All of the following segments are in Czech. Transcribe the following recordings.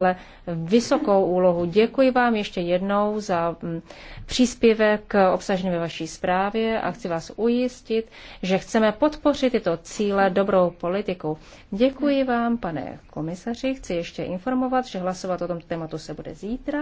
ale vysokou úlohu. Děkuji vám ještě jednou za mm, příspěvek obsažený ve vaší zprávě a chci vás ujistit, že chceme podpořit tyto cíle dobrou politikou. Děkuji vám, pane komisaři. Chci ještě informovat, že hlasovat o tomto tématu se bude zítra.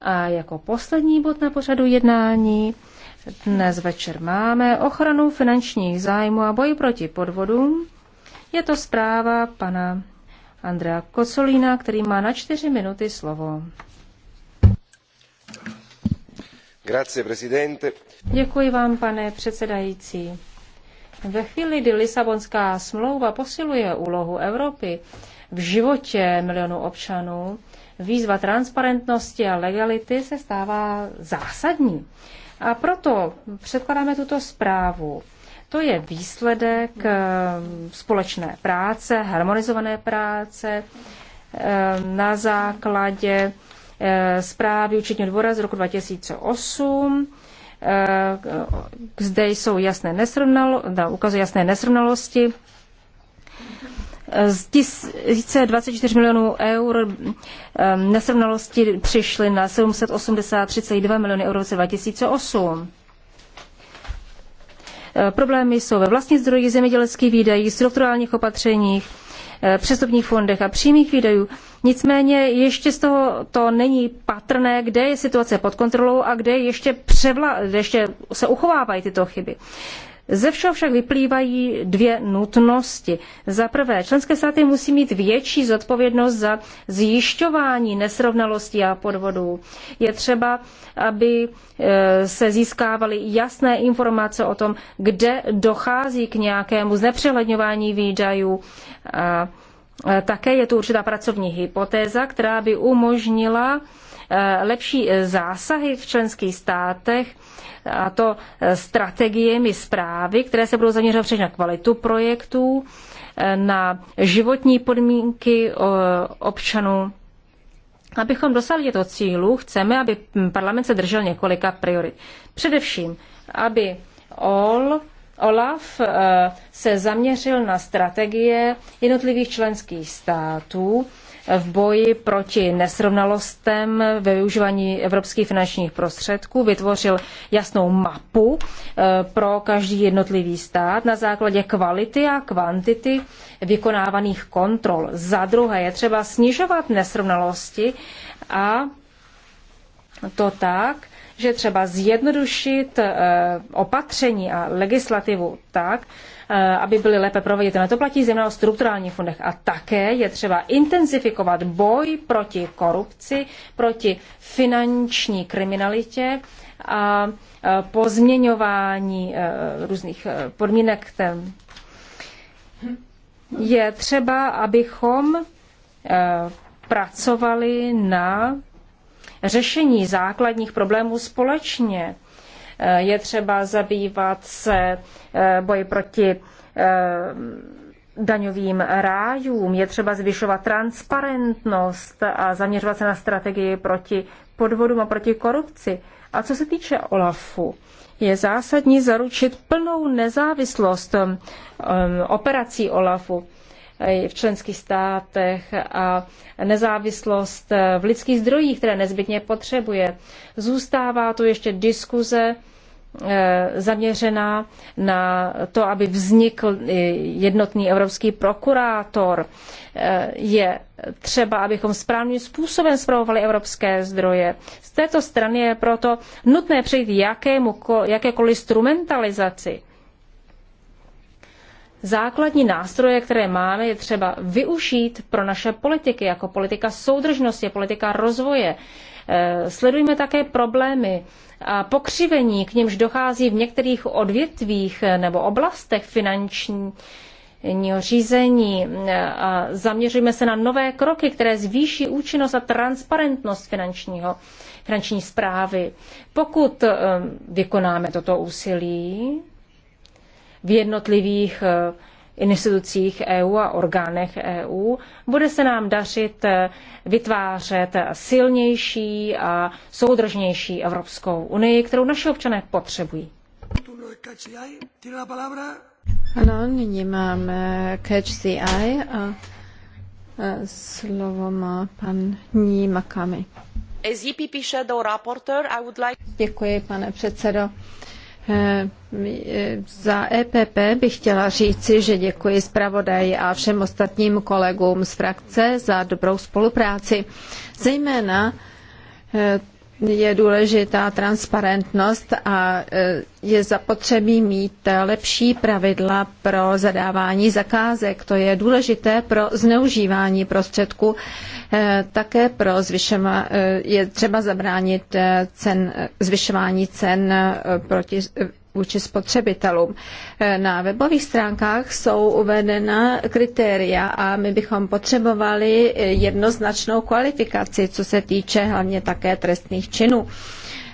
A jako poslední bod na pořadu jednání dnes večer máme ochranu finančních zájmů a boj proti podvodům. Je to zpráva pana Andrea Kocolína, který má na čtyři minuty slovo. Grazie, presidente. Děkuji vám, pane předsedající. Ve chvíli, kdy Lisabonská smlouva posiluje úlohu Evropy v životě milionů občanů, výzva transparentnosti a legality se stává zásadní. A proto předkládáme tuto zprávu to je výsledek eh, společné práce, harmonizované práce eh, na základě eh, zprávy účetního dvora z roku 2008. Zde jsou jasné nesrovnalosti, Ukazují jasné nesrovnalosti z 24 milionů eur nesrovnalosti přišly na 783,2 miliony eur v roce 2008. Eh, problémy jsou ve vlastních zdrojích zemědělských výdajích, strukturálních opatřeních, eh, přestupních fondech a přímých výdajů. Nicméně ještě z toho to není patrné, kde je situace pod kontrolou a kde ještě, převla, kde ještě se uchovávají tyto chyby. Ze všeho však vyplývají dvě nutnosti. Za prvé, členské státy musí mít větší zodpovědnost za zjišťování nesrovnalostí a podvodů. Je třeba, aby e, se získávaly jasné informace o tom, kde dochází k nějakému znepřehledňování výdajů. E, také je tu určitá pracovní hypotéza, která by umožnila Eh, lepší eh, zásahy v členských státech, a to eh, strategiemi zprávy, které se budou zaměřovat především na kvalitu projektů, na životní podmínky občanů. Abychom dosáhli těchto cílů, chceme, aby hm, parlament se držel několika priorit. Především, aby all Olaf eh, se zaměřil na strategie jednotlivých členských států eh, v boji proti nesrovnalostem ve využívání evropských finančních prostředků, vytvořil jasnou mapu eh, pro každý jednotlivý stát na základě kvality a kvantity vykonávaných kontrol. Za druhé je třeba snižovat nesrovnalosti a to tak, že třeba zjednodušit eh, opatření a legislativu tak, eh, aby byly lépe proveditelné. To platí zejména o strukturálních fondech. A také je třeba intenzifikovat boj proti korupci, proti finanční kriminalitě a eh, pozměňování různých podmínek. Je třeba, abychom pracovali na řešení základních problémů společně. Eh, je třeba zabývat se eh, boji proti eh, daňovým rájům, je třeba zvyšovat transparentnost a zaměřovat se na strategii proti podvodům a proti korupci. A co se týče OLAFu, je zásadní zaručit plnou nezávislost operací OLAFu v členských státech a nezávislost v lidských zdrojích, které nezbytně potřebuje. Zůstává tu ještě diskuze eh, zaměřená na to, aby vznikl jednotný evropský prokurátor. Eh, je třeba, abychom správným způsobem zpravovali evropské zdroje. Z této strany je proto nutné přejít jakému, jakékoliv instrumentalizaci základní nástroje, které máme, je třeba využít pro naše politiky, jako politika soudržnosti, politika rozvoje. E, Sledujeme také problémy a pokřivení, k němž dochází v některých odvětvích nebo oblastech finanční, řízení e, a zaměřujeme se na nové kroky, které zvýší účinnost a transparentnost finančního, finanční zprávy. Pokud e, vykonáme toto úsilí, v jednotlivých eh, institucích EU a orgánech EU. Bude se nám dařit eh, vytvářet silnější a soudržnější Evropskou unii, kterou naši občané potřebují. Ano, nyní máme Catch the Eye a slovo má pan Ní Makami. E Děkuji, pane předsedo. Eh, za EPP bych chtěla říci, že děkuji zpravodaji a všem ostatním kolegům z frakce za dobrou spolupráci. Zejména eh, je důležitá transparentnost a e, je zapotřebí mít lepší pravidla pro zadávání zakázek. To je důležité pro zneužívání prostředků, e, také pro zvyšování, e, je třeba zabránit cen, zvyšování cen proti vůči spotřebitelům. Eh, na webových stránkách jsou uvedena kritéria a my bychom potřebovali eh, jednoznačnou kvalifikaci, co se týče hlavně také trestných činů.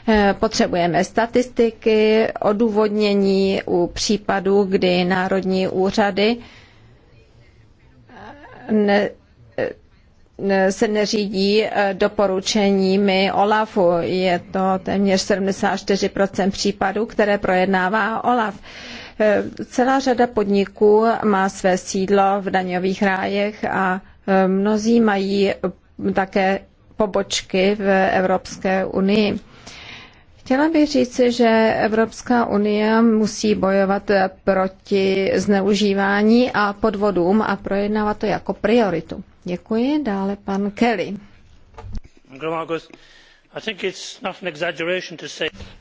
Eh, potřebujeme statistiky, odůvodnění u případů, kdy národní úřady ne, se neřídí eh, doporučeními OLAFu. Je to téměř 74% případů, které projednává OLAF. Eh, celá řada podniků má své sídlo v daňových rájech a eh, mnozí mají také pobočky v Evropské unii. Chtěla bych říci, že Evropská unie musí bojovat proti zneužívání a podvodům a projednávat to jako prioritu. Děkuji. Dále pan Kelly.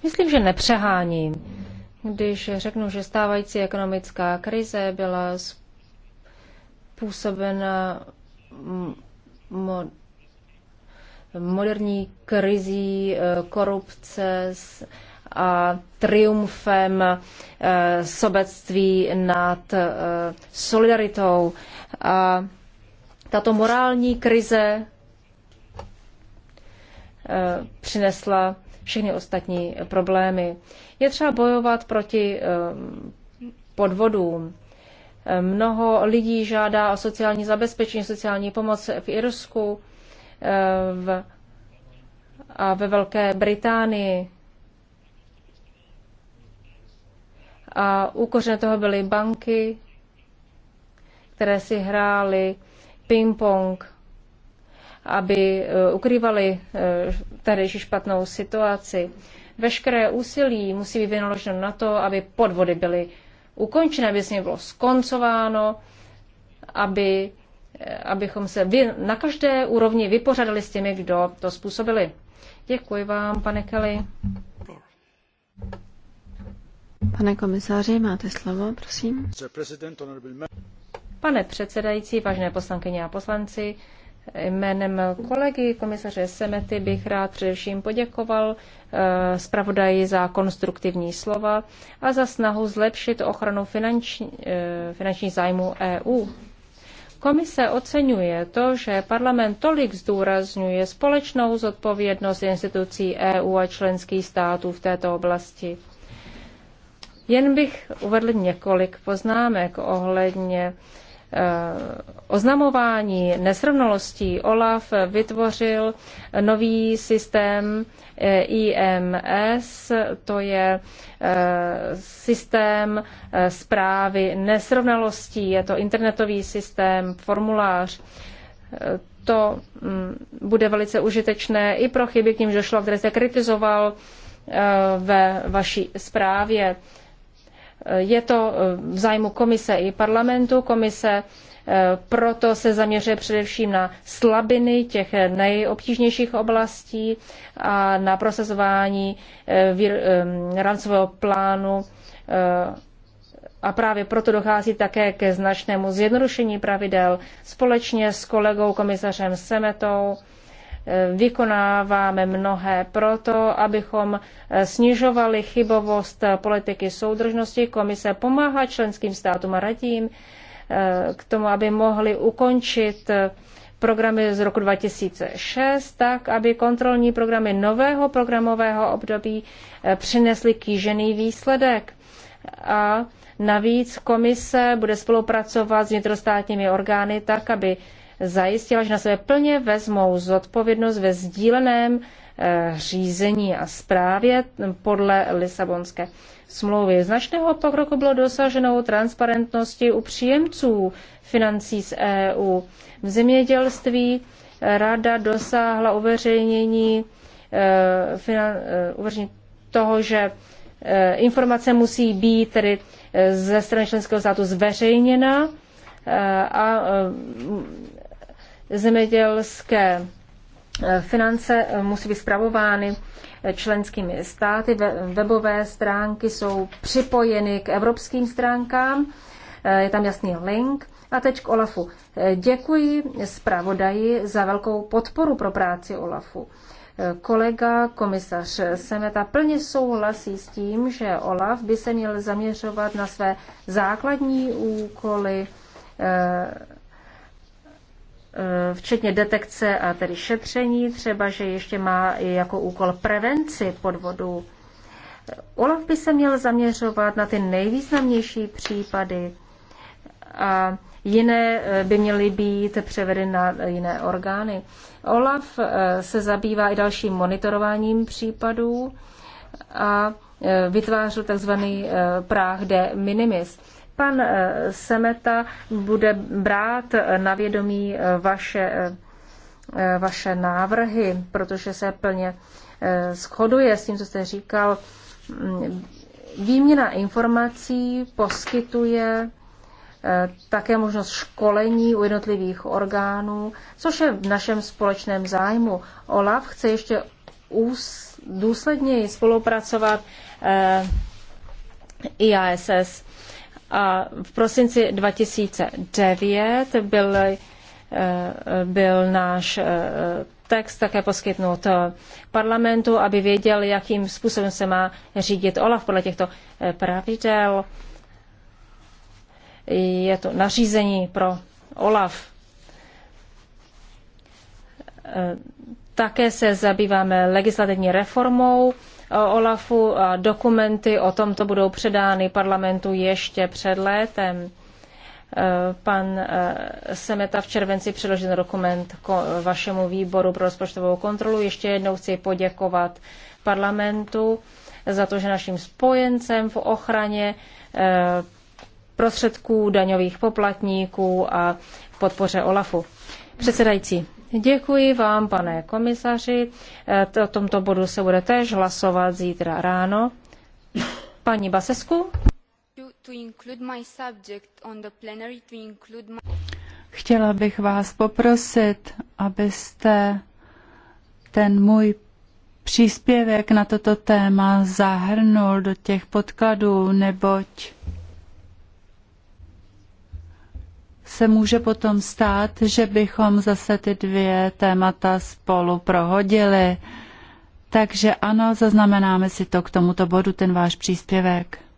Myslím, že nepřeháním, když řeknu, že stávající ekonomická krize byla způsobena mo- moderní krizí eh, korupce a triumfem eh, sobectví nad eh, solidaritou. A tato morální krize eh, přinesla všechny ostatní problémy. Je třeba bojovat proti eh, podvodům. Eh, mnoho lidí žádá o sociální zabezpečení, sociální pomoc v Irsku v, a ve Velké Británii. A úkořené toho byly banky, které si hrály ping-pong, aby eh, ukrývali eh, tady špatnou situaci. Veškeré úsilí musí být vynaloženo na to, aby podvody byly ukončené, aby s nimi bylo skoncováno, aby, eh, abychom se vy, na každé úrovni vypořádali s těmi, kdo to způsobili. Děkuji vám, pane Kelly. Pane komisáři, máte slovo, prosím. Pane předsedající, vážené poslankyně a poslanci, Jménem kolegy komisaře Semety bych rád především poděkoval eh, zpravodaji za konstruktivní slova a za snahu zlepšit ochranu finanční, eh, finanční zájmu e EU. Komise oceňuje to, že parlament tolik zdůrazňuje společnou zodpovědnost institucí EU a členských států v této oblasti. Jen bych uvedl několik poznámek ohledně Eh, oznamování nesrovnalostí OLAF vytvořil nový systém eh, IMS, to je eh, systém zprávy nesrovnalostí, je to internetový systém, formulář. To hm, bude velice užitečné i pro chyby, k nímž došlo, které jste kritizoval ve vaší zprávě. Je to eh, v zájmu komise i parlamentu. Komise eh, proto se zaměřuje především na slabiny těch nejobtížnějších oblastí a na prosazování eh, rámcového plánu a právě proto dochází také ke značnému zjednodušení pravidel společně s kolegou komisařem Semetou vykonáváme mnohé proto, abychom eh, snižovali chybovost politiky soudržnosti. Komise pomáhá členským státům a radím eh, k tomu, aby mohli ukončit eh, programy z roku 2006, tak aby kontrolní programy nového programového období přinesly kýžený výsledek. A navíc komise bude spolupracovat s vnitrostátními orgány tak, aby zajistila, že na sebe plně vezmou zodpovědnost ve sdíleném eh, řízení a správě podle Lisabonské smlouvy. Značného pokroku bylo dosaženo transparentnosti u příjemců financí z EU. V zemědělství rada dosáhla uveřejnění, eh, eh, uveřejnění toho, že informace musí být tedy ze strany členského státu zveřejněna a Zemědělské eh, finance eh, musí být zpravovány eh, členskými státy. Webové stránky jsou připojeny k evropským stránkám. Je tam jasný link. A teď k Olafu. Děkuji zpravodaji za velkou podporu pro práci Olafu. Kolega komisař Semeta plně souhlasí s tím, že Olaf by se měl zaměřovat na své základní úkoly Eh, včetně detekce a tedy šetření, třeba, že ještě má i jako úkol prevenci podvodu. Olaf by se měl zaměřovat na ty nejvýznamnější případy a jiné eh, by měly být převedeny na jiné orgány. Olaf eh, se zabývá i dalším monitorováním případů a vytvářel takzvaný práh de minimis. Pan eh, Semeta bude brát eh, na vědomí eh, vaše, vaše návrhy, protože se plně shoduje s tím, co jste říkal. Mm, výměna informací poskytuje také možnost školení u jednotlivých orgánů, což je v našem společném zájmu. OLAF chce ještě ús, důsledněji spolupracovat eh, IASS v prosinci 2009 byl, eh, byl náš eh, text také poskytnout eh, parlamentu, aby věděl, jakým způsobem se má řídit OLAF podle těchto pravidel. Je to nařízení pro OLAF. Také se zabýváme legislativní reformou Eh, OLAFu. dokumenty o tomto budou předány parlamentu ještě před létem. Eh, pan eh, Semeta v červenci předložil dokument vašemu výboru pro rozpočtovou kontrolu. Ještě jednou chci poděkovat parlamentu za to, že naším spojencem v ochraně prostředků daňových poplatníků a podpoře OLAFu. Předsedající, Děkuji vám, pane komisaři. E, o tomto bodu se bude též hlasovat zítra ráno. Paní Basesku? Chtěla bych vás poprosit, abyste ten můj příspěvek na toto téma zahrnul do těch podkladů, neboť se může potom stát, že bychom zase ty dvě témata spolu prohodili. Takže ano, zaznamenáme si to k tomuto bodu, ten váš příspěvek.